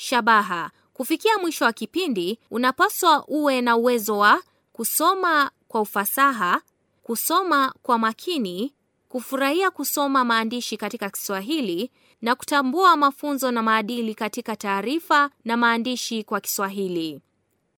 Shabaha: kufikia mwisho wa kipindi, unapaswa uwe na uwezo wa kusoma kwa ufasaha, kusoma kwa makini, kufurahia kusoma maandishi katika Kiswahili na kutambua mafunzo na maadili katika taarifa na maandishi kwa Kiswahili.